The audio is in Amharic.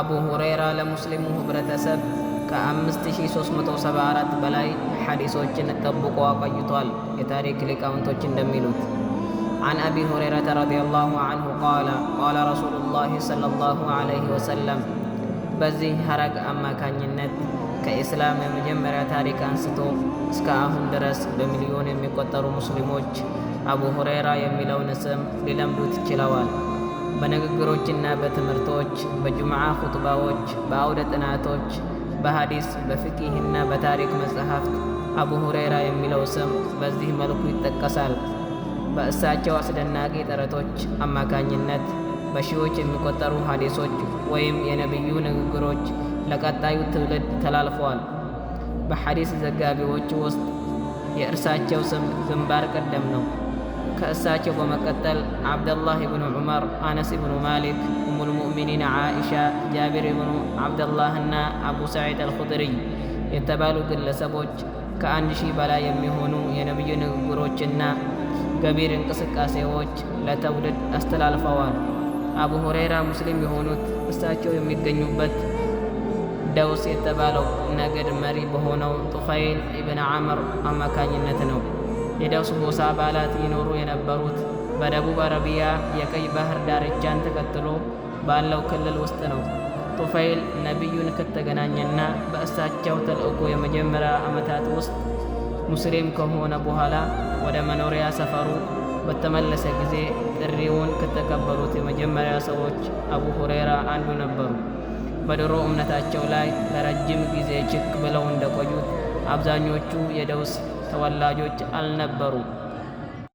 አቡ ሁረይራ ለሙስሊሙ ህብረተሰብ ከ5374 በላይ ሐዲሶችን ጠብቆ አቆይቷል። የታሪክ ሊቃውንቶች እንደሚሉት عن أبي هريرة رضي الله عنه قال قال رسول الله صلى الله عليه وسلم በዚህ ሐረግ አማካኝነት ከኢስላም የመጀመሪያ ታሪክ አንስቶ እስከ አሁን ድረስ በሚሊዮን የሚቆጠሩ ሙስሊሞች አቡ ሁረይራ የሚለውን ስም ሊለምዱት ችለዋል። በንግግሮችና በትምህርቶች፣ በጁምዓ ኹጥባዎች፣ በአውደ ጥናቶች፣ በሐዲስ በፍቂህና በታሪክ መጽሐፍት አቡ ሁረይራ የሚለው ስም በዚህ መልኩ ይጠቀሳል። በእሳቸው አስደናቂ ጥረቶች አማካኝነት በሺዎች የሚቆጠሩ ሐዲሶች ወይም የነቢዩ ንግግሮች ለቀጣዩ ትውልድ ተላልፈዋል። በሐዲስ ዘጋቢዎች ውስጥ የእርሳቸው ስም ግንባር ቀደም ነው። ከእሳቸው በመቀጠል ዓብደላህ ኢብኑ ዑመር፣ አነስ ኢብኑ ማሊክ፣ ኡሙል ሙእሚኒን ዓኢሻ፣ ጃቢር ኢብኑ ዓብደላህ አቡ ሰዒድ አልኹድሪይ የተባሉ ግለሰቦች ከአንድ ሺህ በላይ የሚሆኑ የነቢዩ ንግግሮችና ገቢር እንቅስቃሴዎች ለተውልድ አስተላልፈዋል። አቡ ሁረይራ ሙስሊም የሆኑት እሳቸው የሚገኙበት ደውስ የተባለው ነገድ መሪ በሆነው ጡፈይል ኢብን ዓምር አማካኝነት ነው። የደብስቡሳ አባላት ይኖሩ የነበሩት በደቡብ አረቢያ የቀይ ባህር ዳርቻን ተከትሎ ባለው ክልል ውስጥ ነው። ጡፈይል ነቢዩን ከተገናኘና በእሳቸው ተልእኮ የመጀመሪያ ዓመታት ውስጥ ሙስሊም ከሆነ በኋላ ወደ መኖሪያ ሰፈሩ በተመለሰ ጊዜ ጥሪውን ከተቀበሉት የመጀመሪያ ሰዎች አቡ ሁሬራ አንዱ ነበሩ። በድሮ እምነታቸው ላይ ለረጅም ጊዜ ችክ ብለው እንደቆዩት አብዛኞቹ የደውስ ተወላጆች አልነበሩም።